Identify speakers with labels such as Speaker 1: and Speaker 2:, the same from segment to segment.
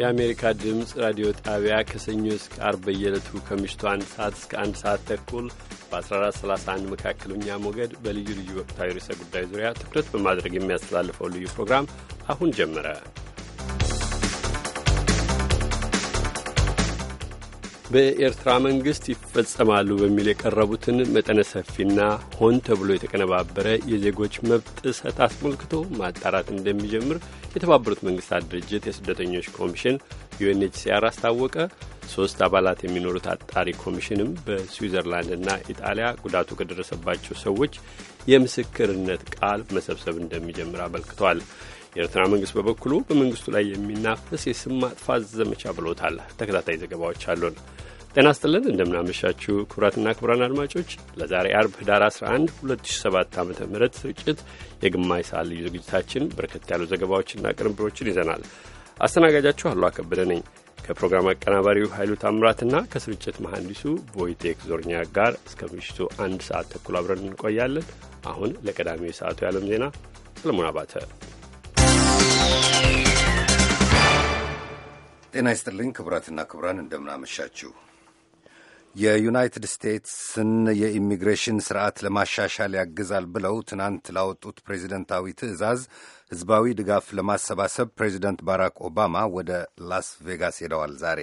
Speaker 1: የአሜሪካ ድምፅ ራዲዮ ጣቢያ ከሰኞ እስከ አርብ በየዕለቱ ከምሽቱ አንድ ሰዓት እስከ አንድ ሰዓት ተኩል በ1431 መካከለኛ ሞገድ በልዩ ልዩ ወቅታዊ ርዕሰ ጉዳይ ዙሪያ ትኩረት በማድረግ የሚያስተላልፈው ልዩ ፕሮግራም አሁን ጀመረ። በኤርትራ መንግስት ይፈጸማሉ በሚል የቀረቡትን መጠነ ሰፊና ሆን ተብሎ የተቀነባበረ የዜጎች መብት ጥሰት አስመልክቶ ማጣራት እንደሚጀምር የተባበሩት መንግስታት ድርጅት የስደተኞች ኮሚሽን ዩኤንኤችሲአር አስታወቀ። ሶስት አባላት የሚኖሩት አጣሪ ኮሚሽንም በስዊዘርላንድና ኢጣሊያ ጉዳቱ ከደረሰባቸው ሰዎች የምስክርነት ቃል መሰብሰብ እንደሚጀምር አመልክቷል። የኤርትራ መንግስት በበኩሉ በመንግስቱ ላይ የሚናፈስ የስም ማጥፋት ዘመቻ ብሎታል። ተከታታይ ዘገባዎች አሉን። ጤና ስጥልን እንደምናመሻችሁ ክቡራትና ክቡራን አድማጮች ለዛሬ አርብ ህዳር 11 2007 ዓ ም ስርጭት የግማሽ ሰዓት ልዩ ዝግጅታችን በርከት ያሉ ዘገባዎችና ቅንብሮችን ይዘናል። አስተናጋጃችሁ አሉ አከበደ ነኝ ከፕሮግራም አቀናባሪው ኃይሉ ታምራትና ከስርጭት መሐንዲሱ ቮይቴክ ዞርኛ ጋር እስከ ምሽቱ አንድ ሰዓት ተኩል አብረን እንቆያለን። አሁን ለቀዳሚው የሰዓቱ የዓለም ዜና ሰለሞን አባተ
Speaker 2: ጤና ይስጥልኝ ክቡራትና ክቡራን እንደምናመሻችሁ የዩናይትድ ስቴትስን የኢሚግሬሽን ስርዓት ለማሻሻል ያግዛል ብለው ትናንት ላወጡት ፕሬዚደንታዊ ትዕዛዝ ህዝባዊ ድጋፍ ለማሰባሰብ ፕሬዚደንት ባራክ ኦባማ ወደ ላስ ቬጋስ ሄደዋል ዛሬ።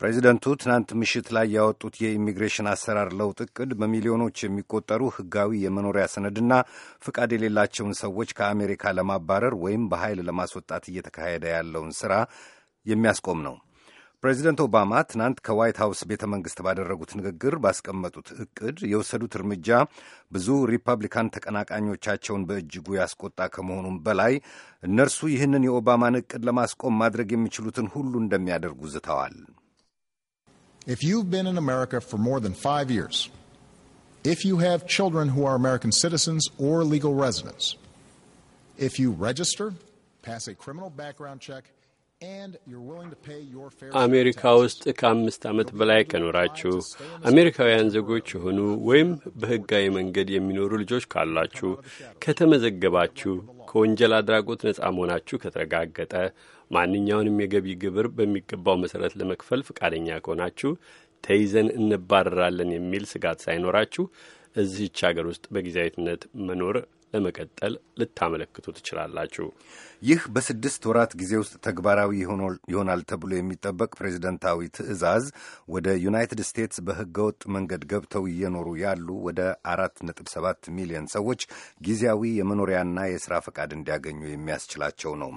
Speaker 2: ፕሬዚደንቱ ትናንት ምሽት ላይ ያወጡት የኢሚግሬሽን አሰራር ለውጥ እቅድ በሚሊዮኖች የሚቆጠሩ ህጋዊ የመኖሪያ ሰነድና ፍቃድ የሌላቸውን ሰዎች ከአሜሪካ ለማባረር ወይም በኃይል ለማስወጣት እየተካሄደ ያለውን ስራ የሚያስቆም ነው። ፕሬዚደንት ኦባማ ትናንት ከዋይት ሀውስ ቤተ መንግሥት ባደረጉት ንግግር ባስቀመጡት እቅድ የወሰዱት እርምጃ ብዙ ሪፐብሊካን ተቀናቃኞቻቸውን በእጅጉ ያስቆጣ ከመሆኑም በላይ እነርሱ ይህንን የኦባማን እቅድ ለማስቆም ማድረግ የሚችሉትን ሁሉ እንደሚያደርጉ ዝተዋል።
Speaker 3: If you've been in America for more than five years, if you have children who are American citizens or legal residents, if you register, pass a criminal background check,
Speaker 1: አሜሪካ ውስጥ ከአምስት ዓመት በላይ ከኖራችሁ አሜሪካውያን ዜጎች የሆኑ ወይም በሕጋዊ መንገድ የሚኖሩ ልጆች ካሏችሁ፣ ከተመዘገባችሁ፣ ከወንጀል አድራጎት ነጻ መሆናችሁ ከተረጋገጠ፣ ማንኛውንም የገቢ ግብር በሚገባው መሠረት ለመክፈል ፈቃደኛ ከሆናችሁ፣ ተይዘን እንባረራለን የሚል ስጋት ሳይኖራችሁ እዚህች
Speaker 2: አገር ውስጥ በጊዜያዊትነት መኖር ለመቀጠል ልታመለክቱ ትችላላችሁ። ይህ በስድስት ወራት ጊዜ ውስጥ ተግባራዊ ይሆናል ተብሎ የሚጠበቅ ፕሬዚደንታዊ ትዕዛዝ ወደ ዩናይትድ ስቴትስ በህገወጥ መንገድ ገብተው እየኖሩ ያሉ ወደ አራት ነጥብ ሰባት ሚሊዮን ሰዎች ጊዜያዊ የመኖሪያና የስራ ፈቃድ እንዲያገኙ የሚያስችላቸው ነው።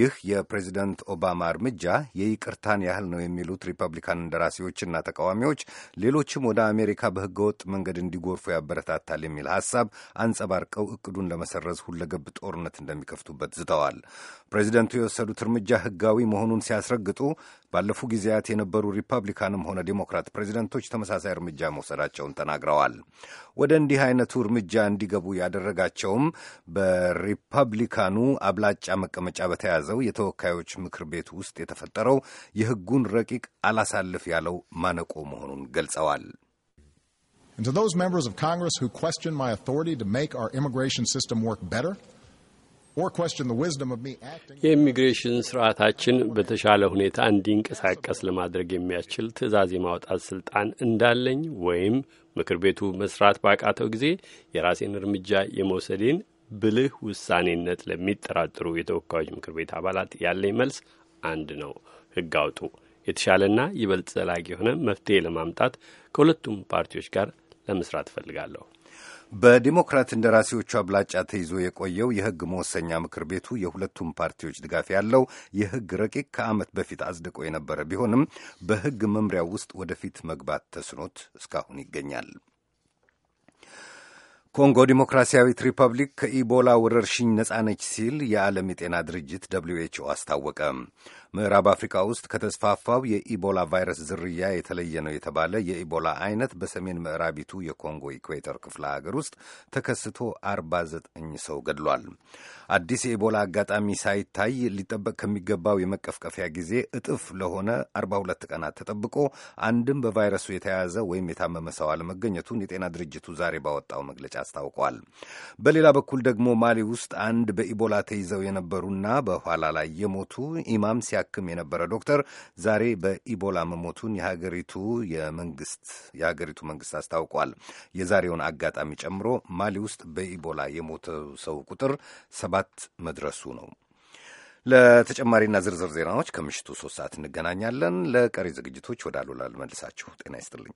Speaker 2: ይህ የፕሬዚደንት ኦባማ እርምጃ የይቅርታን ያህል ነው የሚሉት ሪፐብሊካን እንደራሴዎችና ተቃዋሚዎች ሌሎችም ወደ አሜሪካ በህገወጥ መንገድ እንዲጎርፉ ያበረታታል የሚል ሀሳብ አንጸባርቀው እቅዱን ለመሰረዝ ሁለገብ ጦርነት እንደሚከፍቱበት ዝተዋል። ፕሬዚደንቱ የወሰዱት እርምጃ ሕጋዊ መሆኑን ሲያስረግጡ ባለፉ ጊዜያት የነበሩ ሪፐብሊካንም ሆነ ዴሞክራት ፕሬዚደንቶች ተመሳሳይ እርምጃ መውሰዳቸውን ተናግረዋል። ወደ እንዲህ አይነቱ እርምጃ እንዲገቡ ያደረጋቸውም በሪፐብሊካኑ አብላጫ መቀመጫ በተያዘው የተወካዮች ምክር ቤት ውስጥ የተፈጠረው የሕጉን ረቂቅ አላሳልፍ ያለው ማነቆ መሆኑን ገልጸዋል።
Speaker 3: And to those members of Congress who question my authority to make our immigration system work better, or question the wisdom of me
Speaker 1: acting... የኢሚግሬሽን ስርዓታችን በተሻለ ሁኔታ እንዲንቀሳቀስ ለማድረግ የሚያስችል ትዕዛዝ የማውጣት ስልጣን እንዳለኝ ወይም ምክር ቤቱ መስራት ባቃተው ጊዜ የራሴን እርምጃ የመውሰዴን ብልህ ውሳኔነት ለሚጠራጥሩ የተወካዮች ምክር ቤት አባላት ያለኝ መልስ አንድ ነው። ህግ አውጡ። የተሻለና ይበልጥ ዘላቂ የሆነ መፍትሄ ለማምጣት ከሁለቱም ፓርቲዎች ጋር ለመስራት እፈልጋለሁ።
Speaker 2: በዲሞክራት እንደራሴዎቹ አብላጫ ተይዞ የቆየው የሕግ መወሰኛ ምክር ቤቱ የሁለቱም ፓርቲዎች ድጋፍ ያለው የሕግ ረቂቅ ከዓመት በፊት አጽድቆ የነበረ ቢሆንም በሕግ መምሪያ ውስጥ ወደፊት መግባት ተስኖት እስካሁን ይገኛል። ኮንጎ ዲሞክራሲያዊት ሪፐብሊክ ከኢቦላ ወረርሽኝ ነጻነች ሲል የዓለም የጤና ድርጅት ደብሊው ኤች ኦ አስታወቀ። ምዕራብ አፍሪካ ውስጥ ከተስፋፋው የኢቦላ ቫይረስ ዝርያ የተለየ ነው የተባለ የኢቦላ አይነት በሰሜን ምዕራቢቱ የኮንጎ ኢኩዌተር ክፍለ ሀገር ውስጥ ተከስቶ 49 ሰው ገድሏል። አዲስ የኢቦላ አጋጣሚ ሳይታይ ሊጠበቅ ከሚገባው የመቀፍቀፊያ ጊዜ እጥፍ ለሆነ 42 ቀናት ተጠብቆ አንድም በቫይረሱ የተያዘ ወይም የታመመ ሰው አለመገኘቱን የጤና ድርጅቱ ዛሬ ባወጣው መግለጫ አስታውቋል። በሌላ በኩል ደግሞ ማሊ ውስጥ አንድ በኢቦላ ተይዘው የነበሩና በኋላ ላይ የሞቱ ኢማም ሲያ ሲያክም የነበረ ዶክተር ዛሬ በኢቦላ መሞቱን የሀገሪቱ የመንግስት የሀገሪቱ መንግስት አስታውቋል። የዛሬውን አጋጣሚ ጨምሮ ማሊ ውስጥ በኢቦላ የሞተው ሰው ቁጥር ሰባት መድረሱ ነው። ለተጨማሪና ዝርዝር ዜናዎች ከምሽቱ ሶስት ሰዓት እንገናኛለን። ለቀሪ ዝግጅቶች ወደ አሉላ ልመልሳችሁ። ጤና ይስጥልኝ።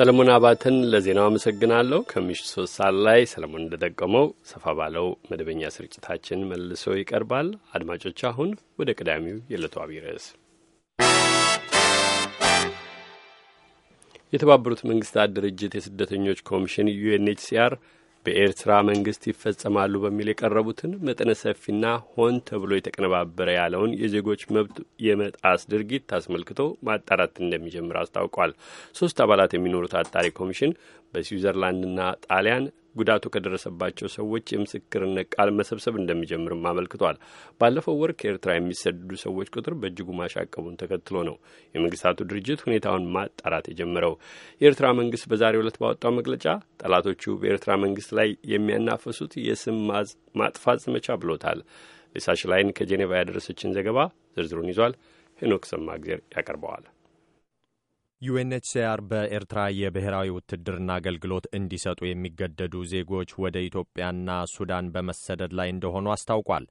Speaker 1: ሰለሞን አባትን ለዜናው አመሰግናለሁ። ከምሽቱ ሶስት ሰዓት ላይ ሰለሞን እንደጠቀመው ሰፋ ባለው መደበኛ ስርጭታችን መልሶ ይቀርባል። አድማጮች፣ አሁን ወደ ቀዳሚው የዕለቱ አብይ ርዕስ የተባበሩት መንግስታት ድርጅት የስደተኞች ኮሚሽን ዩኤንኤችሲአር በኤርትራ መንግስት ይፈጸማሉ በሚል የቀረቡትን መጠነ ሰፊና ሆን ተብሎ የተቀነባበረ ያለውን የዜጎች መብት የመጣስ ድርጊት አስመልክቶ ማጣራት እንደሚጀምር አስታውቋል። ሶስት አባላት የሚኖሩት አጣሪ ኮሚሽን በስዊዘርላንድና ጣሊያን ጉዳቱ ከደረሰባቸው ሰዎች የምስክርነት ቃል መሰብሰብ እንደሚጀምርም አመልክቷል። ባለፈው ወር ከኤርትራ የሚሰደዱ ሰዎች ቁጥር በእጅጉ ማሻቀቡን ተከትሎ ነው የመንግስታቱ ድርጅት ሁኔታውን ማጣራት የጀመረው። የኤርትራ መንግስት በዛሬው ዕለት ባወጣው መግለጫ ጠላቶቹ በኤርትራ መንግስት ላይ የሚያናፈሱት የስም ማጥፋት ዘመቻ ብሎታል። ሊሳሽ ላይን ከጄኔቫ ያደረሰችን ዘገባ ዝርዝሩን ይዟል። ሄኖክ ሰማእግዜር ያቀርበዋል።
Speaker 4: ዩኤንኤችሲአር በኤርትራ የብሔራዊ ውትድርና አገልግሎት እንዲሰጡ የሚገደዱ ዜጎች ወደ ኢትዮጵያና ሱዳን በመሰደድ ላይ እንደሆኑ አስታውቋል።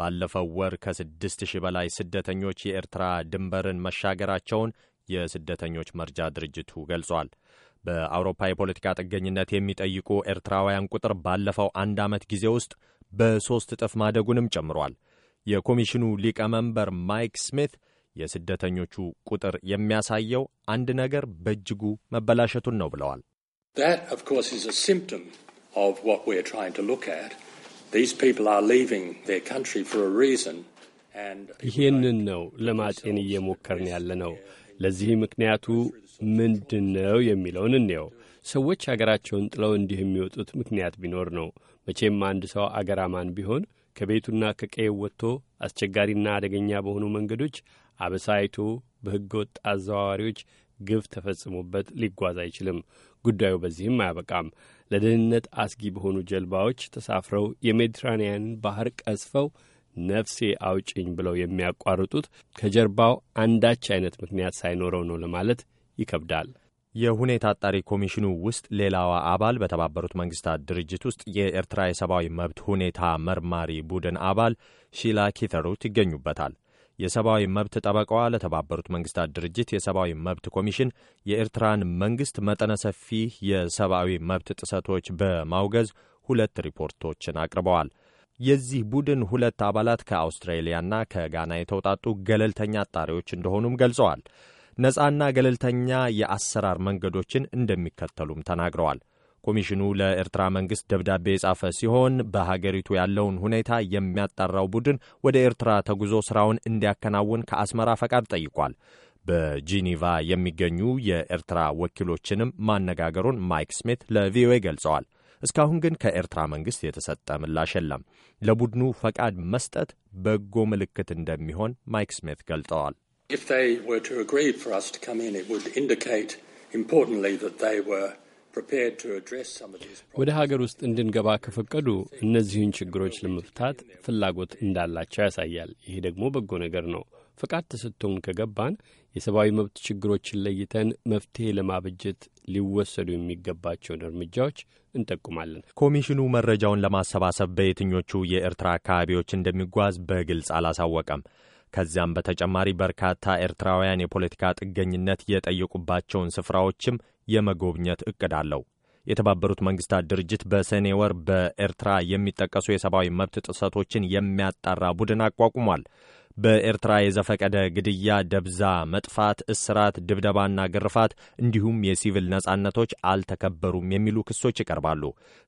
Speaker 4: ባለፈው ወር ከስድስት ሺህ በላይ ስደተኞች የኤርትራ ድንበርን መሻገራቸውን የስደተኞች መርጃ ድርጅቱ ገልጿል። በአውሮፓ የፖለቲካ ጥገኝነት የሚጠይቁ ኤርትራውያን ቁጥር ባለፈው አንድ ዓመት ጊዜ ውስጥ በሦስት እጥፍ ማደጉንም ጨምሯል። የኮሚሽኑ ሊቀመንበር ማይክ ስሚት የስደተኞቹ ቁጥር የሚያሳየው አንድ ነገር በእጅጉ መበላሸቱን ነው ብለዋል።
Speaker 1: ይህንን ነው ለማጤን እየሞከርን ያለ ነው። ለዚህ ምክንያቱ ምንድን ነው የሚለውን እንየው። ሰዎች አገራቸውን ጥለው እንዲህ የሚወጡት ምክንያት ቢኖር ነው። መቼም አንድ ሰው አገራማን ቢሆን ከቤቱና ከቀየው ወጥቶ አስቸጋሪና አደገኛ በሆኑ መንገዶች አበሳይቱ በሕገ ወጥ አዘዋዋሪዎች ግፍ ተፈጽሞበት ሊጓዝ አይችልም። ጉዳዩ በዚህም አያበቃም። ለደህንነት አስጊ በሆኑ ጀልባዎች ተሳፍረው የሜዲትራንያንን ባህር ቀዝፈው ነፍሴ አውጭኝ ብለው የሚያቋርጡት ከጀርባው
Speaker 4: አንዳች አይነት ምክንያት ሳይኖረው ነው ለማለት ይከብዳል። የሁኔታ አጣሪ ኮሚሽኑ ውስጥ ሌላዋ አባል በተባበሩት መንግስታት ድርጅት ውስጥ የኤርትራ የሰብአዊ መብት ሁኔታ መርማሪ ቡድን አባል ሺላ ኪተሩት ይገኙበታል። የሰብአዊ መብት ጠበቃዋ ለተባበሩት መንግስታት ድርጅት የሰብአዊ መብት ኮሚሽን የኤርትራን መንግስት መጠነ ሰፊ የሰብአዊ መብት ጥሰቶች በማውገዝ ሁለት ሪፖርቶችን አቅርበዋል። የዚህ ቡድን ሁለት አባላት ከአውስትራሊያና ከጋና የተውጣጡ ገለልተኛ አጣሪዎች እንደሆኑም ገልጸዋል። ነፃና ገለልተኛ የአሰራር መንገዶችን እንደሚከተሉም ተናግረዋል። ኮሚሽኑ ለኤርትራ መንግስት ደብዳቤ የጻፈ ሲሆን በሀገሪቱ ያለውን ሁኔታ የሚያጣራው ቡድን ወደ ኤርትራ ተጉዞ ስራውን እንዲያከናውን ከአስመራ ፈቃድ ጠይቋል። በጂኒቫ የሚገኙ የኤርትራ ወኪሎችንም ማነጋገሩን ማይክ ስሚት ለቪኦኤ ገልጸዋል። እስካሁን ግን ከኤርትራ መንግስት የተሰጠ ምላሽ የለም። ለቡድኑ ፈቃድ መስጠት በጎ ምልክት እንደሚሆን ማይክ ስሚት ገልጠዋል። If they were to agree for us to come in, it would indicate importantly that they were
Speaker 1: ወደ ሀገር ውስጥ እንድንገባ ከፈቀዱ እነዚህን ችግሮች ለመፍታት ፍላጎት እንዳላቸው ያሳያል። ይሄ ደግሞ በጎ ነገር ነው። ፈቃድ ተሰጥቶን ከገባን የሰብአዊ መብት ችግሮችን ለይተን መፍትሄ ለማበጀት ሊወሰዱ የሚገባቸውን እርምጃዎች እንጠቁማለን።
Speaker 4: ኮሚሽኑ መረጃውን ለማሰባሰብ በየትኞቹ የኤርትራ አካባቢዎች እንደሚጓዝ በግልጽ አላሳወቀም። ከዚያም በተጨማሪ በርካታ ኤርትራውያን የፖለቲካ ጥገኝነት የጠየቁባቸውን ስፍራዎችም የመጎብኘት እቅድ አለው። የተባበሩት መንግስታት ድርጅት በሰኔ ወር በኤርትራ የሚጠቀሱ የሰብአዊ መብት ጥሰቶችን የሚያጣራ ቡድን አቋቁሟል። በኤርትራ የዘፈቀደ ግድያ፣ ደብዛ መጥፋት፣ እስራት፣ ድብደባና ግርፋት እንዲሁም የሲቪል ነጻነቶች አልተከበሩም የሚሉ ክሶች ይቀርባሉ።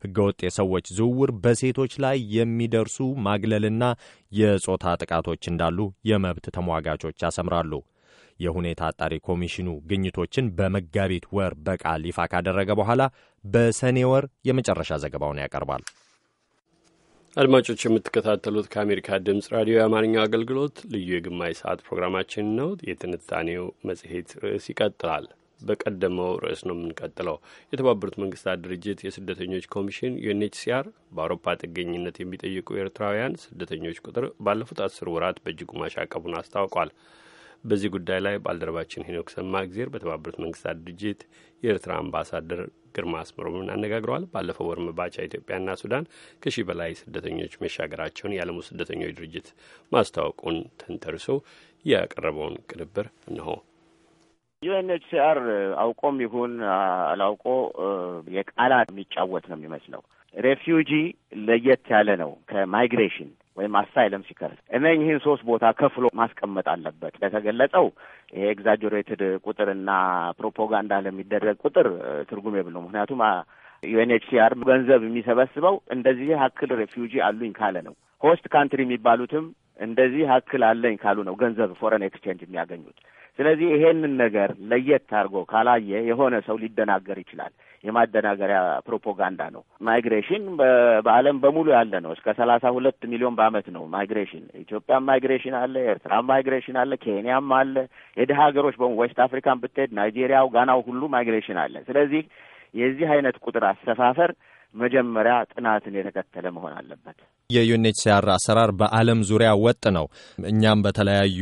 Speaker 4: ህገወጥ የሰዎች ዝውውር፣ በሴቶች ላይ የሚደርሱ ማግለልና የጾታ ጥቃቶች እንዳሉ የመብት ተሟጋቾች ያሰምራሉ። የሁኔታ አጣሪ ኮሚሽኑ ግኝቶችን በመጋቢት ወር በቃል ይፋ ካደረገ በኋላ በሰኔ ወር የመጨረሻ ዘገባውን ያቀርባል።
Speaker 1: አድማጮች የምትከታተሉት ከአሜሪካ ድምጽ ራዲዮ የአማርኛው አገልግሎት ልዩ የግማሽ ሰዓት ፕሮግራማችን ነው። የትንታኔው መጽሔት ርዕስ ይቀጥላል። በቀደመው ርዕስ ነው የምንቀጥለው። የተባበሩት መንግስታት ድርጅት የስደተኞች ኮሚሽን ዩኤንኤችሲአር በአውሮፓ ጥገኝነት የሚጠይቁ ኤርትራውያን ስደተኞች ቁጥር ባለፉት አስር ወራት በእጅጉ ማሻቀቡን አስታውቋል። በዚህ ጉዳይ ላይ ባልደረባችን ሄኖክ ሰማ ጊዜር በተባበሩት መንግስታት ድርጅት የኤርትራ አምባሳደር ግርማ አስመሮምን አነጋግረዋል። ባለፈው ወር መባቻ ኢትዮጵያና ሱዳን ከሺህ በላይ ስደተኞች መሻገራቸውን የዓለሙ ስደተኞች ድርጅት ማስታወቁን ተንተርሶ ያቀረበውን ቅንብር እንሆ።
Speaker 3: ዩኤንኤችሲአር አውቆም ይሁን አላውቆ የቃላት የሚጫወት ነው የሚመስለው። ሬፊውጂ ለየት ያለ ነው ከማይግሬሽን ወይም አሳይለም ሲከርስ ይህን ሶስት ቦታ ከፍሎ ማስቀመጥ አለበት። ለተገለጸው ይሄ ኤግዛጀሬትድ ቁጥርና ፕሮፓጋንዳ ለሚደረግ ቁጥር ትርጉም የብለው። ምክንያቱም ዩኤንኤችሲአር ገንዘብ የሚሰበስበው እንደዚህ ያክል ሬፊውጂ አሉኝ ካለ ነው። ሆስት ካንትሪ የሚባሉትም እንደዚህ ሀክል አለኝ ካሉ ነው ገንዘብ ፎረን ኤክስቼንጅ የሚያገኙት። ስለዚህ ይሄንን ነገር ለየት አድርጎ ካላየ የሆነ ሰው ሊደናገር ይችላል። የማደናገሪያ ፕሮፓጋንዳ ነው። ማይግሬሽን በዓለም በሙሉ ያለ ነው። እስከ ሰላሳ ሁለት ሚሊዮን በዓመት ነው ማይግሬሽን። ኢትዮጵያም ማይግሬሽን አለ፣ ኤርትራም ማይግሬሽን አለ፣ ኬንያም አለ። የድሀ ሀገሮች በሙ ዌስት አፍሪካን ብትሄድ ናይጄሪያው፣ ጋናው ሁሉ ማይግሬሽን አለ። ስለዚህ የዚህ አይነት ቁጥር አሰፋፈር መጀመሪያ ጥናትን የተከተለ መሆን አለበት።
Speaker 4: የዩኤንኤችሲአር አሰራር በዓለም ዙሪያ ወጥ ነው። እኛም በተለያዩ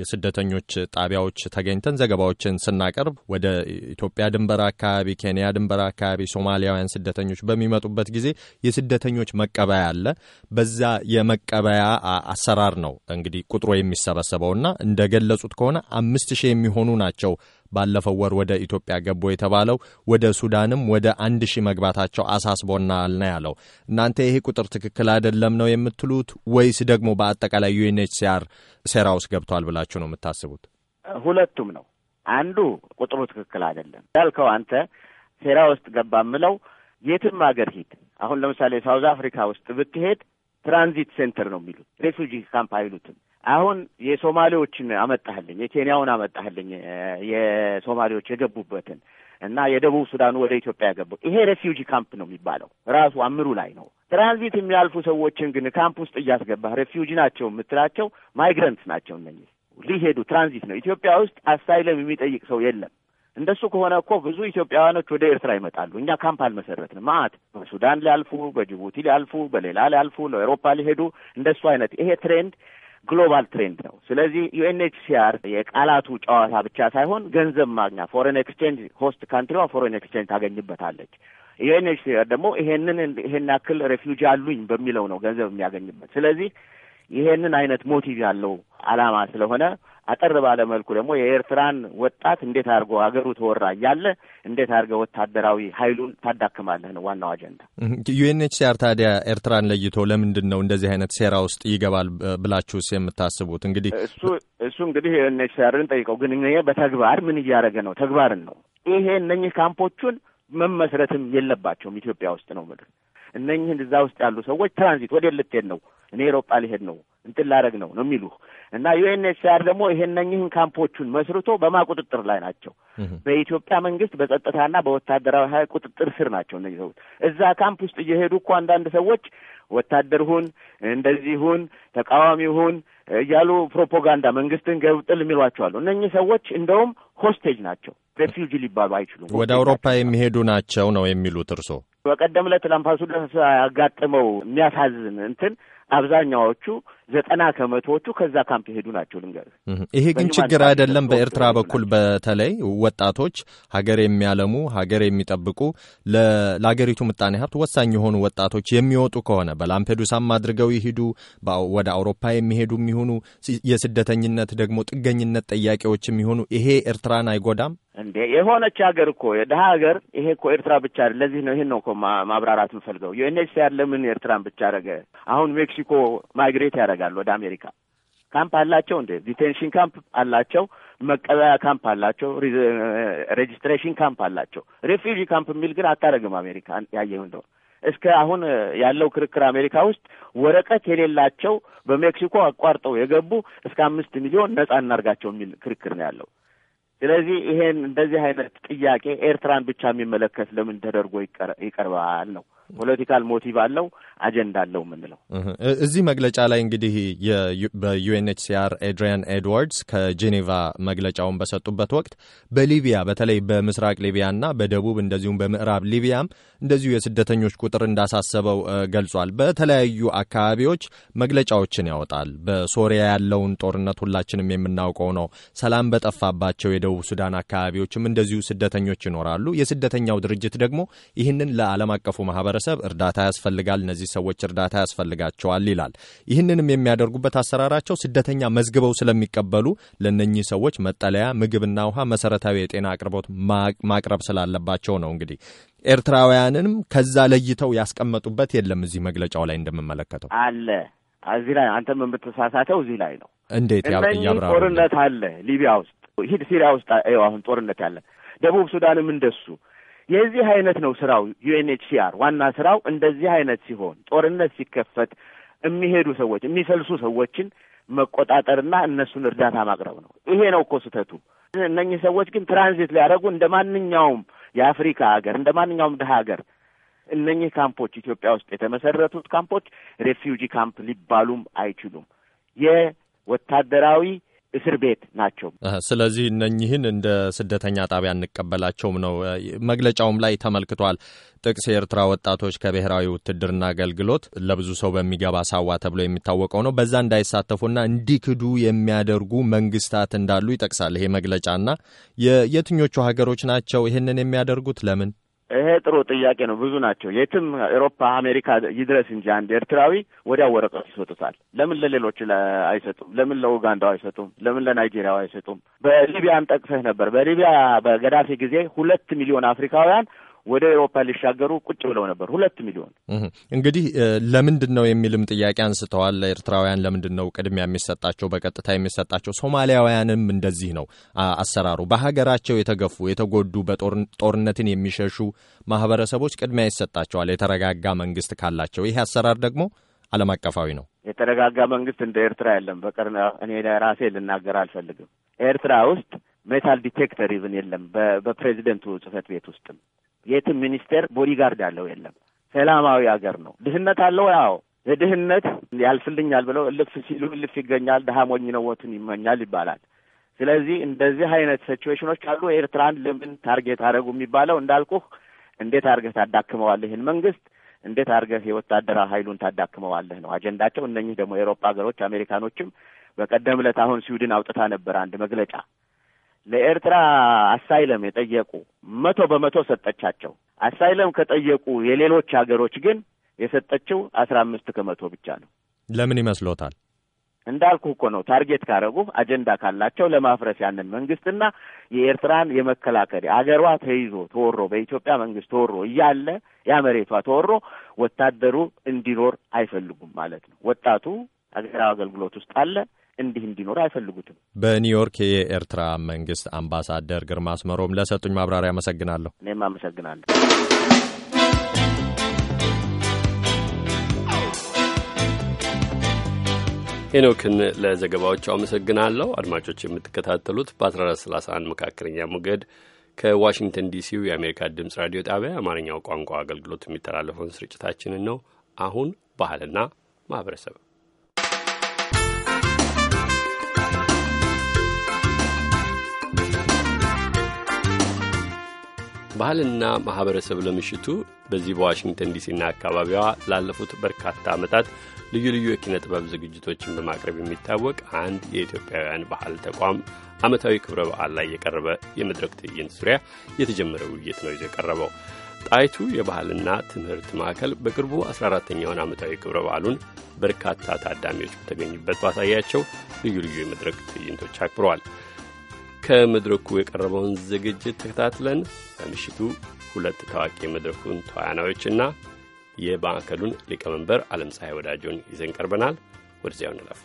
Speaker 4: የስደተኞች ጣቢያዎች ተገኝተን ዘገባዎችን ስናቀርብ ወደ ኢትዮጵያ ድንበር አካባቢ፣ ኬንያ ድንበር አካባቢ ሶማሊያውያን ስደተኞች በሚመጡበት ጊዜ የስደተኞች መቀበያ አለ። በዛ የመቀበያ አሰራር ነው እንግዲህ ቁጥሩ የሚሰበሰበውና እንደ ገለጹት ከሆነ አምስት ሺህ የሚሆኑ ናቸው ባለፈው ወር ወደ ኢትዮጵያ ገቡ የተባለው ወደ ሱዳንም ወደ አንድ ሺህ መግባታቸው አሳስቦናል ነው ያለው። እናንተ ይሄ ቁጥር ትክክል አይደለም ነው የምትሉት ወይስ ደግሞ በአጠቃላይ ዩኤንኤችሲአር ሴራ ውስጥ ገብቷል ብላችሁ ነው የምታስቡት?
Speaker 3: ሁለቱም ነው። አንዱ ቁጥሩ ትክክል አይደለም ያልከው አንተ ሴራ ውስጥ ገባ ምለው የትም አገር ሂድ፣ አሁን ለምሳሌ ሳውዝ አፍሪካ ውስጥ ብትሄድ ትራንዚት ሴንተር ነው የሚሉት ሬፉጂ ካምፕ አይሉትም። አሁን የሶማሌዎችን አመጣህልኝ፣ የኬንያውን አመጣህልኝ፣ የሶማሌዎች የገቡበትን እና የደቡብ ሱዳኑ ወደ ኢትዮጵያ ያገባው ይሄ ሬፊውጂ ካምፕ ነው የሚባለው። ራሱ አምሩ ላይ ነው። ትራንዚት የሚያልፉ ሰዎችን ግን ካምፕ ውስጥ እያስገባህ ሬፊውጂ ናቸው የምትላቸው ማይግረንት ናቸው። እነኚህ ሊሄዱ ትራንዚት ነው። ኢትዮጵያ ውስጥ አሳይለም የሚጠይቅ ሰው የለም። እንደሱ ከሆነ እኮ ብዙ ኢትዮጵያውያኖች ወደ ኤርትራ ይመጣሉ። እኛ ካምፕ አልመሰረትንም። ማአት በሱዳን ሊያልፉ፣ በጅቡቲ ሊያልፉ፣ በሌላ ሊያልፉ፣ ለአውሮፓ ሊሄዱ እንደሱ አይነት ይሄ ትሬንድ ግሎባል ትሬንድ ነው። ስለዚህ ዩኤንኤችሲአር የቃላቱ ጨዋታ ብቻ ሳይሆን ገንዘብ ማግኛ ፎሬን ኤክስቼንጅ ሆስት ካንትሪዋ ፎሬን ኤክስቼንጅ ታገኝበታለች። ዩኤንኤችሲአር ደግሞ ይሄንን ይሄን ያክል ሬፊውጂ አሉኝ በሚለው ነው ገንዘብ የሚያገኝበት። ስለዚህ ይሄንን አይነት ሞቲቭ ያለው አላማ ስለሆነ አጠር ባለ መልኩ ደግሞ የኤርትራን ወጣት እንዴት አድርጎ ሀገሩ ተወራ እያለ እንዴት አድርገ ወታደራዊ ኃይሉን ታዳክማለህ ነው ዋናው አጀንዳ።
Speaker 4: ዩኤንኤችሲአር ታዲያ ኤርትራን ለይቶ ለምንድን ነው እንደዚህ አይነት ሴራ ውስጥ ይገባል ብላችሁስ የምታስቡት? እንግዲህ
Speaker 3: እሱ እሱ እንግዲህ ዩኤንኤችሲአርን ጠይቀው፣ ግን በተግባር ምን እያደረገ ነው? ተግባርን ነው ይሄ። እነኚህ ካምፖቹን መመስረትም የለባቸውም ኢትዮጵያ ውስጥ ነው ምድር እነኝህን እዛ ውስጥ ያሉ ሰዎች ትራንዚት ወደ ልትሄድ ነው እኔ ኤሮጳ ሊሄድ ነው እንትን ላደረግ ነው ነው የሚሉህ እና ዩኤንኤችሲአር ደግሞ ይሄነኝህን ካምፖቹን መስርቶ በማ ቁጥጥር ላይ ናቸው። በኢትዮጵያ መንግስት በጸጥታና በወታደራዊ ሀይል ቁጥጥር ስር ናቸው እነዚህ ሰዎች። እዛ ካምፕ ውስጥ እየሄዱ እኮ አንዳንድ ሰዎች ወታደር ሁን እንደዚህ ሁን ተቃዋሚ ሁን እያሉ ፕሮፓጋንዳ መንግስትን ገብጥል የሚሏቸዋሉ። እነኚህ ሰዎች እንደውም ሆስቴጅ ናቸው ሬፊውጂ ሊባሉ አይችሉም። ወደ
Speaker 4: አውሮፓ የሚሄዱ ናቸው ነው የሚሉት እርሶ?
Speaker 3: በቀደም ዕለት ላምፓዱሳ ያጋጠመው የሚያሳዝን እንትን አብዛኛዎቹ ዘጠና ከመቶዎቹ ከዛ ካምፕ የሄዱ ናቸው። ልንገርህ፣
Speaker 4: ይሄ ግን ችግር አይደለም። በኤርትራ በኩል በተለይ ወጣቶች ሀገር የሚያለሙ ሀገር የሚጠብቁ ለሀገሪቱ ምጣኔ ሀብት ወሳኝ የሆኑ ወጣቶች የሚወጡ ከሆነ በላምፔዱሳም አድርገው ይሄዱ ወደ አውሮፓ የሚሄዱ የሚሆኑ የስደተኝነት ደግሞ ጥገኝነት ጠያቄዎች የሚሆኑ ይሄ ኤርትራን አይጎዳም
Speaker 3: እንዴ? የሆነች ሀገር እኮ ድሀ ሀገር ይሄ እኮ ኤርትራ ብቻ ለዚህ ነው ይህን ነው እኮ ማብራራት የምፈልገው። ዩኤንኤችሲአር ለምን ኤርትራን ብቻ አረገ? አሁን ሜክሲኮ ማይግሬት ያደረጋል ይሄዳሉ ወደ አሜሪካ። ካምፕ አላቸው እንደ ዲቴንሽን ካምፕ አላቸው፣ መቀበያ ካምፕ አላቸው፣ ሬጂስትሬሽን ካምፕ አላቸው። ሬፊውጂ ካምፕ የሚል ግን አታደርግም አሜሪካ ያየሁ እንደሆነ እስከ አሁን ያለው ክርክር አሜሪካ ውስጥ ወረቀት የሌላቸው በሜክሲኮ አቋርጠው የገቡ እስከ አምስት ሚሊዮን ነጻ እናርጋቸው የሚል ክርክር ነው ያለው። ስለዚህ ይሄን እንደዚህ አይነት ጥያቄ ኤርትራን ብቻ የሚመለከት ለምን ተደርጎ ይቀርባል ነው ፖለቲካል ሞቲቭ አለው፣ አጀንዳ አለው የምንለው
Speaker 4: እዚህ መግለጫ ላይ እንግዲህ በዩኤንኤችሲአር ኤድሪያን ኤድዋርድስ ከጄኔቫ መግለጫውን በሰጡበት ወቅት በሊቢያ በተለይ በምስራቅ ሊቢያና በደቡብ እንደዚሁም በምዕራብ ሊቢያም እንደዚሁ የስደተኞች ቁጥር እንዳሳሰበው ገልጿል። በተለያዩ አካባቢዎች መግለጫዎችን ያወጣል። በሶሪያ ያለውን ጦርነት ሁላችንም የምናውቀው ነው። ሰላም በጠፋባቸው የደቡብ ሱዳን አካባቢዎችም እንደዚሁ ስደተኞች ይኖራሉ። የስደተኛው ድርጅት ደግሞ ይህንን ለዓለም አቀፉ ማህበር ማህበረሰብ እርዳታ ያስፈልጋል፣ እነዚህ ሰዎች እርዳታ ያስፈልጋቸዋል ይላል። ይህንንም የሚያደርጉበት አሰራራቸው ስደተኛ መዝግበው ስለሚቀበሉ ለእነኚህ ሰዎች መጠለያ፣ ምግብና ውሃ፣ መሰረታዊ የጤና አቅርቦት ማቅረብ ስላለባቸው ነው። እንግዲህ ኤርትራውያንንም ከዛ ለይተው ያስቀመጡበት የለም። እዚህ መግለጫው ላይ እንደምመለከተው አለ።
Speaker 3: እዚህ ላይ አንተም የምትሳሳተው እዚህ ላይ ነው።
Speaker 4: እንዴት ያብራ ጦርነት
Speaker 3: አለ ሊቢያ ውስጥ ሂድ፣ ሲሪያ ውስጥ አሁን ጦርነት ያለ ደቡብ ሱዳንም እንደሱ የዚህ አይነት ነው ስራው። ዩኤንኤችሲአር ዋና ስራው እንደዚህ አይነት ሲሆን ጦርነት ሲከፈት የሚሄዱ ሰዎች የሚፈልሱ ሰዎችን መቆጣጠርና እነሱን እርዳታ ማቅረብ ነው። ይሄ ነው እኮ ስህተቱ። እነኚህ ሰዎች ግን ትራንዚት ሊያደርጉ እንደ ማንኛውም የአፍሪካ ሀገር እንደ ማንኛውም ድሀ ሀገር እነኚህ ካምፖች ኢትዮጵያ ውስጥ የተመሰረቱት ካምፖች ሬፊውጂ ካምፕ ሊባሉም አይችሉም። የወታደራዊ እስር ቤት ናቸው።
Speaker 4: ስለዚህ እነኚህን እንደ ስደተኛ ጣቢያ እንቀበላቸውም ነው። መግለጫውም ላይ ተመልክቷል። ጥቅስ የኤርትራ ወጣቶች ከብሔራዊ ውትድርና አገልግሎት ለብዙ ሰው በሚገባ ሳዋ ተብሎ የሚታወቀው ነው። በዛ እንዳይሳተፉና እንዲክዱ የሚያደርጉ መንግስታት እንዳሉ ይጠቅሳል ይሄ መግለጫና የትኞቹ ሀገሮች ናቸው ይህንን የሚያደርጉት? ለምን
Speaker 3: ይሄ ጥሩ ጥያቄ ነው። ብዙ ናቸው። የትም ኤሮፓ፣ አሜሪካ ይድረስ እንጂ አንድ ኤርትራዊ ወዲያ ወረቀት ይሰጡታል። ለምን ለሌሎች አይሰጡም? ለምን ለኡጋንዳው አይሰጡም? ለምን ለናይጄሪያው አይሰጡም? በሊቢያን ጠቅሰህ ነበር። በሊቢያ በገዳፊ ጊዜ ሁለት ሚሊዮን አፍሪካውያን ወደ ኤሮፓ ሊሻገሩ ቁጭ ብለው ነበር። ሁለት ሚሊዮን
Speaker 4: እንግዲህ ለምንድን ነው የሚልም ጥያቄ አንስተዋል። ኤርትራውያን ለምንድን ነው ቅድሚያ የሚሰጣቸው በቀጥታ የሚሰጣቸው? ሶማሊያውያንም እንደዚህ ነው አሰራሩ። በሀገራቸው የተገፉ የተጎዱ፣ በጦርነትን የሚሸሹ ማህበረሰቦች ቅድሚያ ይሰጣቸዋል የተረጋጋ መንግስት ካላቸው። ይሄ አሰራር ደግሞ ዓለም አቀፋዊ ነው።
Speaker 3: የተረጋጋ መንግስት እንደ ኤርትራ የለም። በቀር እኔ ራሴ ልናገር አልፈልግም። ኤርትራ ውስጥ ሜታል ዲቴክተር ይብን የለም። በፕሬዚደንቱ ጽህፈት ቤት ውስጥም የትም ሚኒስቴር ቦዲጋርድ ያለው የለም። ሰላማዊ ሀገር ነው። ድህነት አለው። ያው ለድህነት ያልፍልኛል ብለው እልፍ ሲሉ እልፍ ይገኛል። ድሀ ሞኝ ነው ይመኛል ይባላል። ስለዚህ እንደዚህ አይነት ሲትዌሽኖች አሉ። ኤርትራን ለምን ታርጌት አደረጉ የሚባለው እንዳልኩህ፣ እንዴት አድርገህ ታዳክመዋለህ ይህን መንግስት እንዴት አድርገህ የወታደራዊ ሀይሉን ታዳክመዋለህ ነው አጀንዳቸው። እነኚህ ደግሞ የአውሮፓ ሀገሮች አሜሪካኖችም በቀደም ዕለት አሁን ስዊድን አውጥታ ነበር አንድ መግለጫ ለኤርትራ አሳይለም የጠየቁ መቶ በመቶ ሰጠቻቸው። አሳይለም ከጠየቁ የሌሎች ሀገሮች ግን የሰጠችው አስራ አምስት ከመቶ ብቻ ነው።
Speaker 4: ለምን ይመስሎታል?
Speaker 3: እንዳልኩ እኮ ነው። ታርጌት ካረጉ አጀንዳ ካላቸው ለማፍረስ ያንን መንግስትና የኤርትራን የመከላከል አገሯ ተይዞ ተወሮ በኢትዮጵያ መንግስት ተወሮ እያለ ያ መሬቷ ተወሮ ወታደሩ እንዲኖር አይፈልጉም ማለት ነው። ወጣቱ ሀገራዊ አገልግሎት ውስጥ አለ። እንዲህ እንዲኖር አይፈልጉትም።
Speaker 4: በኒውዮርክ የኤርትራ መንግስት አምባሳደር ግርማ አስመሮም ለሰጡኝ ማብራሪያ አመሰግናለሁ። እኔም አመሰግናለሁ።
Speaker 1: ሄኖክን ለዘገባዎቹ አመሰግናለሁ። አድማጮች የምትከታተሉት በ1431 መካከለኛ ሞገድ ከዋሽንግተን ዲሲው የአሜሪካ ድምፅ ራዲዮ ጣቢያ የአማርኛው ቋንቋ አገልግሎት የሚተላለፈውን ስርጭታችንን ነው። አሁን ባህልና ማህበረሰብ ባህልና ማኅበረሰብ ለምሽቱ በዚህ በዋሽንግተን ዲሲና አካባቢዋ ላለፉት በርካታ ዓመታት ልዩ ልዩ የኪነ ጥበብ ዝግጅቶችን በማቅረብ የሚታወቅ አንድ የኢትዮጵያውያን ባህል ተቋም ዓመታዊ ክብረ በዓል ላይ የቀረበ የመድረክ ትዕይንት ዙሪያ የተጀመረ ውይይት ነው ይዞ የቀረበው። ጣይቱ የባህልና ትምህርት ማዕከል በቅርቡ 14ተኛውን ዓመታዊ ክብረ በዓሉን በርካታ ታዳሚዎች በተገኙበት ባሳያቸው ልዩ ልዩ የመድረክ ትዕይንቶች አክብረዋል። ከመድረኩ የቀረበውን ዝግጅት ተከታትለን በምሽቱ ሁለት ታዋቂ የመድረኩን ተዋናዮችና የማዕከሉን ሊቀመንበር አለም ፀሐይ ወዳጆን ይዘን ቀርበናል። ወደዚያው እንለፍ።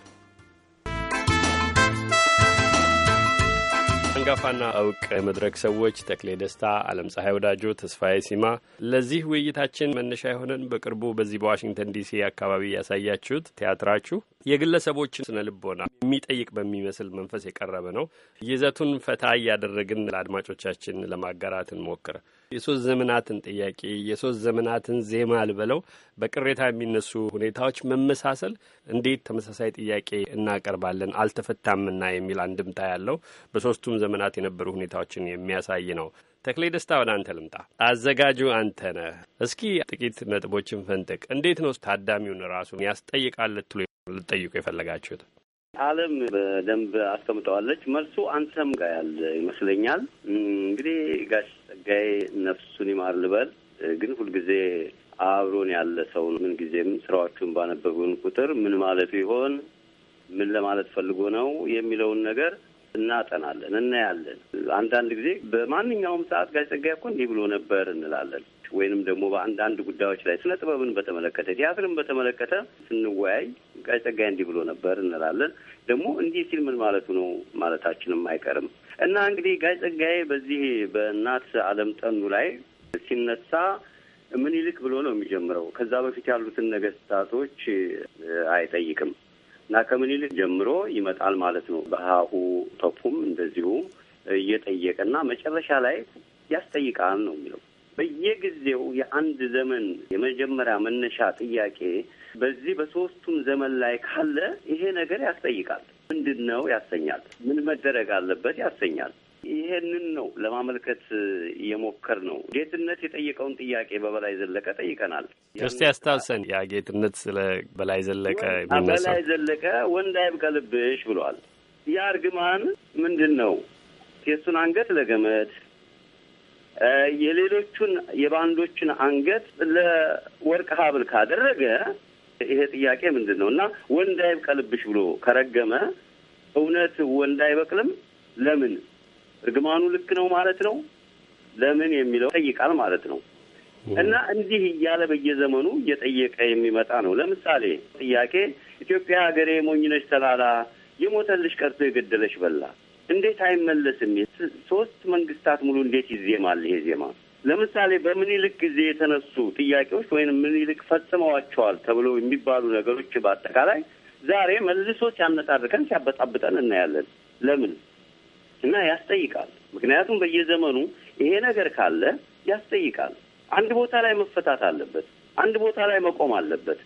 Speaker 1: አንጋፋና እውቅ መድረክ ሰዎች ተክሌ ደስታ፣ አለም ፀሐይ ወዳጆ፣ ተስፋዬ ሲማ ለዚህ ውይይታችን መነሻ የሆነን በቅርቡ በዚህ በዋሽንግተን ዲሲ አካባቢ ያሳያችሁት ቲያትራችሁ የግለሰቦችን ስነ ልቦና የሚጠይቅ በሚመስል መንፈስ የቀረበ ነው። ይዘቱን ፈታ እያደረግን ለአድማጮቻችን ለማጋራት እንሞክር። የሶስት ዘመናትን ጥያቄ የሶስት ዘመናትን ዜማ ልበለው በቅሬታ የሚነሱ ሁኔታዎች መመሳሰል እንዴት ተመሳሳይ ጥያቄ እናቀርባለን አልተፈታምና የሚል አንድምታ ያለው በሶስቱም ዘመናት የነበሩ ሁኔታዎችን የሚያሳይ ነው። ተክሌ ደስታ ወደ አንተ ልምጣ። አዘጋጁ አንተ ነህ። እስኪ ጥቂት ነጥቦችን ፈንጥቅ። እንዴት ነው ታዳሚውን ራሱን ያስጠይቃል ልትሉ ልጠይቁ የፈለጋችሁት?
Speaker 5: አለም በደንብ አስቀምጠዋለች። መልሱ አንተም ጋር ያለ ይመስለኛል። እንግዲህ ጋሽ ጸጋዬ ነፍሱን ይማር ልበል፣ ግን ሁልጊዜ አብሮን ያለ ሰው ነው። ምንጊዜም ስራዎቹን ባነበቡን ቁጥር ምን ማለቱ ይሆን ምን ለማለት ፈልጎ ነው የሚለውን ነገር እናጠናለን፣ እናያለን። አንዳንድ ጊዜ በማንኛውም ሰዓት ጋሽ ጸጋዬ እኮ እንዲህ ብሎ ነበር እንላለን። ወይንም ደግሞ በአንዳንድ ጉዳዮች ላይ ስነ ጥበብን በተመለከተ ቲያትርን በተመለከተ ስንወያይ ጋሽ ጸጋዬ እንዲህ ብሎ ነበር እንላለን። ደግሞ እንዲህ ሲል ምን ማለቱ ነው ማለታችንም አይቀርም እና እንግዲህ ጋሽ ጸጋዬ በዚህ በእናት አለም ጠኑ ላይ ሲነሳ ምኒልክ ብሎ ነው የሚጀምረው። ከዛ በፊት ያሉትን ነገስታቶች አይጠይቅም እና ከምኒልክ ጀምሮ ይመጣል ማለት ነው። በሀሁ ተፉም እንደዚሁ እየጠየቀ እና መጨረሻ ላይ ያስጠይቃል ነው የሚለው በየጊዜው የአንድ ዘመን የመጀመሪያ መነሻ ጥያቄ በዚህ በሶስቱም ዘመን ላይ ካለ ይሄ ነገር ያስጠይቃል። ምንድን ነው ያሰኛል። ምን መደረግ አለበት ያሰኛል። ይሄንን ነው ለማመልከት እየሞከር ነው። ጌትነት የጠየቀውን ጥያቄ በበላይ ዘለቀ ጠይቀናል።
Speaker 1: እስቲ ያስታውሰን። ያ ጌትነት ስለ በላይ ዘለቀ
Speaker 5: በላይ ዘለቀ ወንድ አይብቀልብሽ ብሏል። ያ እርግማን ምንድን ነው? የእሱን አንገት ለገመድ የሌሎቹን የባንዶችን አንገት ለወርቅ ሀብል ካደረገ ይሄ ጥያቄ ምንድን ነው እና ወንድ አይብቀልብሽ ብሎ ከረገመ እውነት ወንድ አይበቅልም? ለምን እርግማኑ ልክ ነው ማለት ነው? ለምን የሚለው ጠይቃል ማለት ነው። እና እንዲህ እያለ በየዘመኑ እየጠየቀ የሚመጣ ነው። ለምሳሌ ጥያቄ ኢትዮጵያ ሀገሬ ሞኝነች ተላላ የሞተልሽ ቀርቶ የገደለሽ በላ እንዴት አይመለስም? ሶስት መንግስታት ሙሉ እንዴት ይዜማል ይሄ ዜማ? ለምሳሌ በምኒልክ ጊዜ የተነሱ ጥያቄዎች ወይም ምኒልክ ፈጽመዋቸዋል ተብሎ የሚባሉ ነገሮች በአጠቃላይ ዛሬ መልሶ ሲያነጣርከን ሲያበጣብጠን እናያለን። ለምን እና ያስጠይቃል። ምክንያቱም በየዘመኑ ይሄ ነገር ካለ ያስጠይቃል። አንድ ቦታ ላይ መፈታት አለበት። አንድ ቦታ ላይ መቆም አለበት።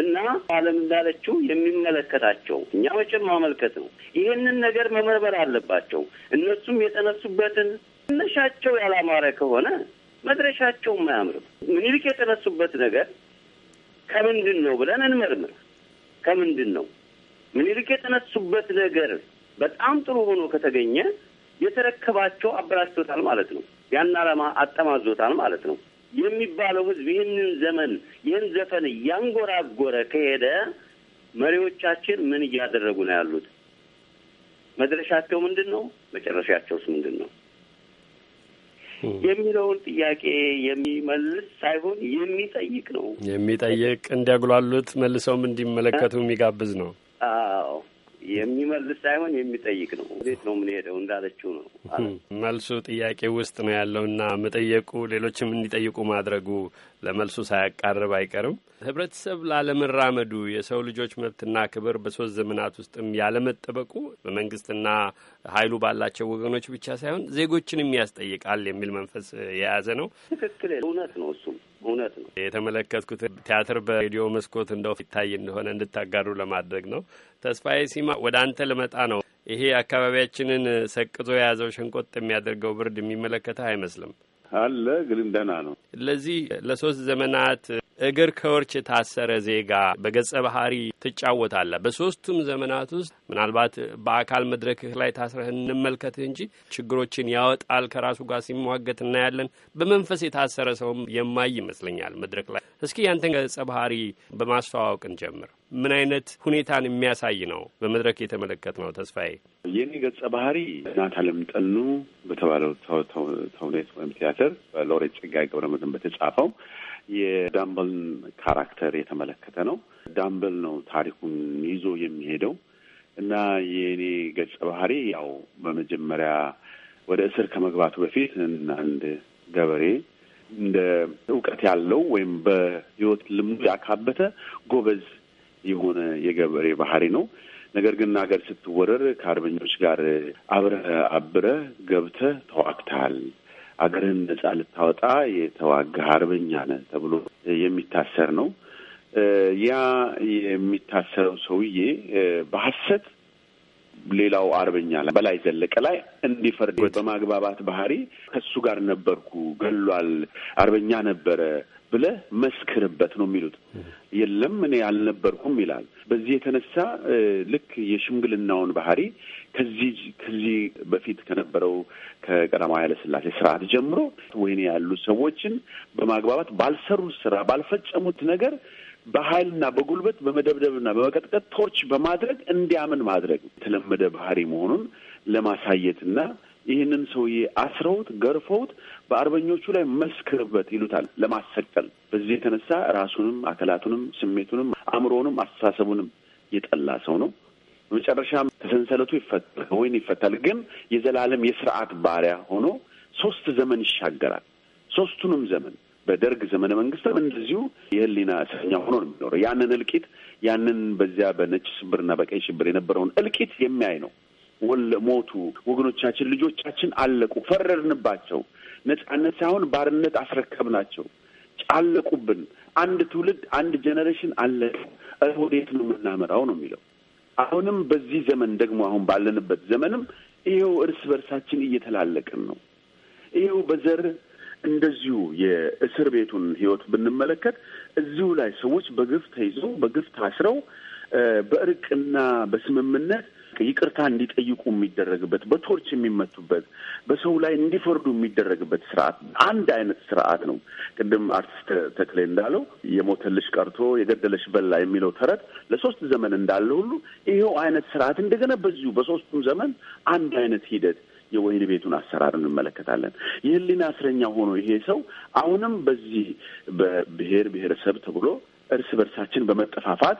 Speaker 5: እና አለም እንዳለችው የሚመለከታቸው እኛ መቼም ማመልከት ነው። ይህንን ነገር መመርመር አለባቸው። እነሱም የተነሱበትን መነሻቸው ያላማረ ከሆነ መድረሻቸውም አያምርም። ምኒልክ የተነሱበት ነገር ከምንድን ነው ብለን እንመርምር። ከምንድን ነው ምኒልክ የተነሱበት ነገር በጣም ጥሩ ሆኖ ከተገኘ የተረከባቸው አበላሽቶታል ማለት ነው። ያን ዓላማ አጠማዞታል ማለት ነው። የሚባለው ህዝብ ይህንን ዘመን ይህን ዘፈን እያንጎራጎረ ከሄደ መሪዎቻችን ምን እያደረጉ ነው ያሉት? መድረሻቸው ምንድን ነው? መጨረሻቸውስ ምንድን ነው የሚለውን ጥያቄ የሚመልስ ሳይሆን የሚጠይቅ ነው።
Speaker 1: የሚጠይቅ እንዲያጉላሉት መልሰውም እንዲመለከቱ የሚጋብዝ ነው።
Speaker 5: አዎ የሚመልስ ሳይሆን የሚጠይቅ ነው። እንዴት ነው የምንሄደው እንዳለችው ነው
Speaker 1: መልሱ ጥያቄ ውስጥ ነው ያለውና መጠየቁ ሌሎችም እንዲጠይቁ ማድረጉ ለመልሱ ሳያቃርብ አይቀርም። ህብረተሰብ ላለመራመዱ የሰው ልጆች መብትና ክብር በሶስት ዘመናት ውስጥም ያለመጠበቁ በመንግስትና ኃይሉ ባላቸው ወገኖች ብቻ ሳይሆን ዜጎችንም ያስጠይቃል የሚል መንፈስ የያዘ ነው።
Speaker 5: ትክክል፣ እውነት
Speaker 1: ነው። እሱም እውነት ነው። የተመለከትኩት ቲያትር በሬዲዮ መስኮት እንደው ይታይ እንደሆነ እንድታጋሩ ለማድረግ ነው። ተስፋዬ ሲማ፣ ወደ አንተ ልመጣ ነው። ይሄ አካባቢያችንን ሰቅዞ የያዘው ሸንቆጥ የሚያደርገው ብርድ የሚመለከተህ አይመስልም?
Speaker 6: አለ፣ ግን ደህና ነው።
Speaker 1: ለዚህ ለሶስት ዘመናት እግር ከወርች የታሰረ ዜጋ በገጸ ባህሪ ትጫወታለ። በሶስቱም ዘመናት ውስጥ ምናልባት በአካል መድረክህ ላይ ታስረህ እንመልከትህ እንጂ ችግሮችን ያወጣል ከራሱ ጋር ሲሟገት እናያለን። በመንፈስ የታሰረ ሰውም የማይ ይመስለኛል መድረክ ላይ። እስኪ ያንተን ገጸ ባህሪ በማስተዋወቅን ጀምር። ምን አይነት ሁኔታን የሚያሳይ ነው? በመድረክ የተመለከት ነው። ተስፋዬ፣
Speaker 6: የኔ ገጸ ባህሪ እናት አለም ጠኑ በተባለው ተውኔት ወይም ቲያትር በሎሬት ጸጋዬ ገብረመድህን በተጻፈው የዳምበልን ካራክተር የተመለከተ ነው። ዳምበል ነው ታሪኩን ይዞ የሚሄደው እና የእኔ ገጸ ባህሪ ያው በመጀመሪያ ወደ እስር ከመግባቱ በፊት አንድ ገበሬ እንደ እውቀት ያለው ወይም በህይወት ልምዱ ያካበተ ጎበዝ የሆነ የገበሬ ባህሪ ነው። ነገር ግን ሀገር ስትወረር ከአርበኞች ጋር አብረህ አብረህ ገብተህ ተዋግተሃል አገርህን ነጻ ልታወጣ የተዋጋህ አርበኛ ነህ ተብሎ የሚታሰር ነው። ያ የሚታሰረው ሰውዬ በሐሰት ሌላው አርበኛ በላይ ዘለቀ ላይ እንዲፈርድ በማግባባት ባህሪ ከሱ ጋር ነበርኩ ገሏል፣ አርበኛ ነበረ፣ ብለህ መስክርበት ነው የሚሉት። የለም እኔ አልነበርኩም ይላል። በዚህ የተነሳ ልክ የሽምግልናውን ባህሪ ከዚህ ከዚህ በፊት ከነበረው ከቀዳማዊ ኃይለሥላሴ ስርዓት ጀምሮ ወይኔ ያሉ ሰዎችን በማግባባት ባልሰሩት ስራ ባልፈጸሙት ነገር በኃይልና በጉልበት በመደብደብና በመቀጥቀጥ ቶርች በማድረግ እንዲያምን ማድረግ የተለመደ ባህሪ መሆኑን ለማሳየትና ይህንን ሰውዬ አስረውት ገርፈውት በአርበኞቹ ላይ መስክርበት ይሉታል ለማሰቀል። በዚህ የተነሳ ራሱንም አካላቱንም ስሜቱንም አእምሮውንም አስተሳሰቡንም የጠላ ሰው ነው። በመጨረሻም ተሰንሰለቱ ይፈታል፣ ወይን ይፈታል። ግን የዘላለም የስርዓት ባሪያ ሆኖ ሶስት ዘመን ይሻገራል። ሶስቱንም ዘመን በደርግ ዘመነ መንግስትም እንደዚሁ የህሊና እስረኛ ሆኖ ነው የሚኖረው። ያንን እልቂት ያንን በዚያ በነጭ ሽብርና በቀይ ሽብር የነበረውን እልቂት የሚያይ ነው። ሞቱ፣ ወገኖቻችን ልጆቻችን አለቁ፣ ፈረድንባቸው። ነጻነት ሳይሆን ባርነት አስረከብናቸው፣ አለቁብን። አንድ ትውልድ አንድ ጄኔሬሽን አለቀ። ወዴት ነው የምናመራው ነው የሚለው አሁንም በዚህ ዘመን ደግሞ አሁን ባለንበት ዘመንም ይኸው እርስ በርሳችን እየተላለቅን ነው። ይኸው በዘር እንደዚሁ የእስር ቤቱን ህይወት ብንመለከት እዚሁ ላይ ሰዎች በግፍ ተይዘው በግፍ ታስረው በእርቅና በስምምነት ይቅርታ እንዲጠይቁ የሚደረግበት፣ በቶርች የሚመቱበት፣ በሰው ላይ እንዲፈርዱ የሚደረግበት ስርዓት አንድ አይነት ስርዓት ነው። ቅድም አርቲስት ተክሌ እንዳለው የሞተልሽ ቀርቶ የገደለሽ በላ የሚለው ተረት ለሶስት ዘመን እንዳለ ሁሉ ይኸው አይነት ስርዓት እንደገና በዚሁ በሶስቱም ዘመን አንድ አይነት ሂደት የወህኒ ቤቱን አሰራር እንመለከታለን። የህሊና እስረኛ ሆኖ ይሄ ሰው አሁንም በዚህ በብሔር ብሔረሰብ ተብሎ እርስ በርሳችን በመጠፋፋት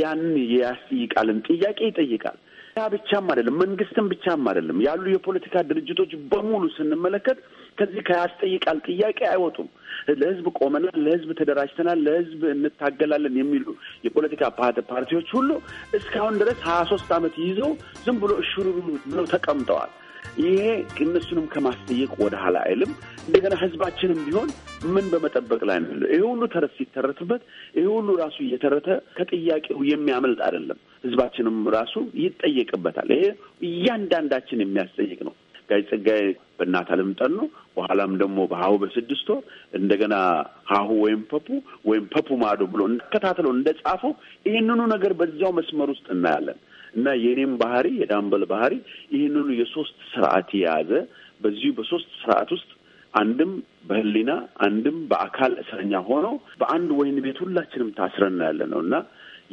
Speaker 6: ያን ያስጠይቃልን ጥያቄ ይጠይቃል። ያ ብቻም አይደለም፣ መንግስትም ብቻም አይደለም። ያሉ የፖለቲካ ድርጅቶች በሙሉ ስንመለከት ከዚህ ከያስጠይቃል ጥያቄ አይወጡም። ለህዝብ ቆመናል፣ ለህዝብ ተደራጅተናል፣ ለህዝብ እንታገላለን የሚሉ የፖለቲካ ፓርቲዎች ሁሉ እስካሁን ድረስ ሀያ ሶስት ዓመት ይዘው ዝም ብሎ እሹሩ ብለው ተቀምጠዋል። ይሄ እነሱንም ከማስጠየቅ ወደ ኋላ አይልም። እንደገና ህዝባችንም ቢሆን ምን በመጠበቅ ላይ ነው? ይሄ ሁሉ ተረት ሲተረትበት ይሄ ሁሉ ራሱ እየተረተ ከጥያቄው የሚያመልጥ አይደለም። ህዝባችንም ራሱ ይጠየቅበታል። ይሄ እያንዳንዳችን የሚያስጠይቅ ነው። ጋይ ጸጋይ በእናት ዓለም ነው። በኋላም ደግሞ በሀሁ በስድስት ወር እንደገና ሀሁ ወይም ፐፑ ወይም ፐፑ ማዶ ብሎ ከታትለው እንደጻፈው ይህንኑ ነገር በዚያው መስመር ውስጥ እናያለን። እና የእኔም ባህሪ የዳምበል ባህሪ ይህንኑ የሶስት ስርዓት የያዘ በዚሁ በሶስት ስርዓት ውስጥ አንድም በህሊና አንድም በአካል እስረኛ ሆኖ በአንድ ወህኒ ቤት ሁላችንም ታስረና ያለ ነው እና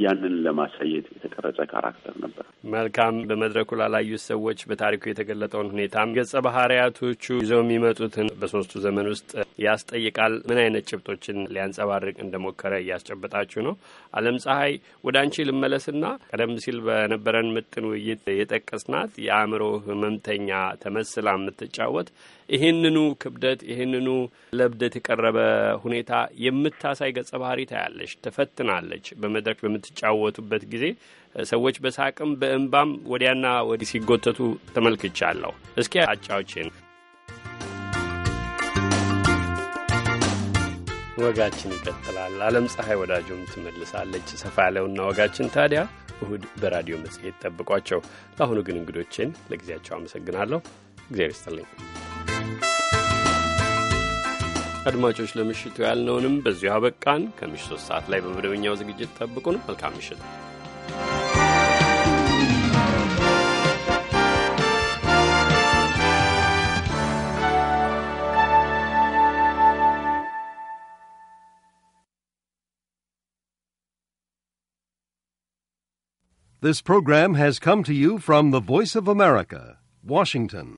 Speaker 6: ያንን ለማሳየት የተቀረጸ ካራክተር ነበር።
Speaker 1: መልካም። በመድረኩ ላላዩት ሰዎች በታሪኩ የተገለጠውን ሁኔታም ገጸ ባህሪያቶቹ ይዘው የሚመጡትን በሶስቱ ዘመን ውስጥ ያስጠይቃል። ምን አይነት ጭብጦችን ሊያንጸባርቅ እንደሞከረ እያስጨበጣችሁ ነው። አለም ፀሐይ ወደ አንቺ ልመለስና ቀደም ሲል በነበረን ምጥን ውይይት የጠቀስናት የአእምሮ ህመምተኛ ተመስላ የምትጫወት ይህንኑ ክብደት ይህንኑ ለብደት የቀረበ ሁኔታ የምታሳይ ገጸ ባህሪ ታያለች፣ ትፈትናለች። በመድረክ በምትጫወቱበት ጊዜ ሰዎች በሳቅም በእንባም ወዲያና ወዲህ ሲጎተቱ ተመልክቻለሁ። እስኪ አጫዎችን ወጋችን ይቀጥላል። አለም ፀሐይ ወዳጆም ትመልሳለች። ሰፋ ያለውና ወጋችን ታዲያ እሁድ በራዲዮ መጽሔት ጠብቋቸው። ለአሁኑ ግን እንግዶችን ለጊዜያቸው አመሰግናለሁ። እግዚአብሔር ይስጥልኝ። አድማጮች ለምሽቱ ያልነውንም በዚሁ አበቃን። ከምሽቱ ሶስት ሰዓት ላይ በመደበኛው ዝግጅት ጠብቁን። መልካም ምሽት።
Speaker 2: This program has come to you from the Voice of America, Washington.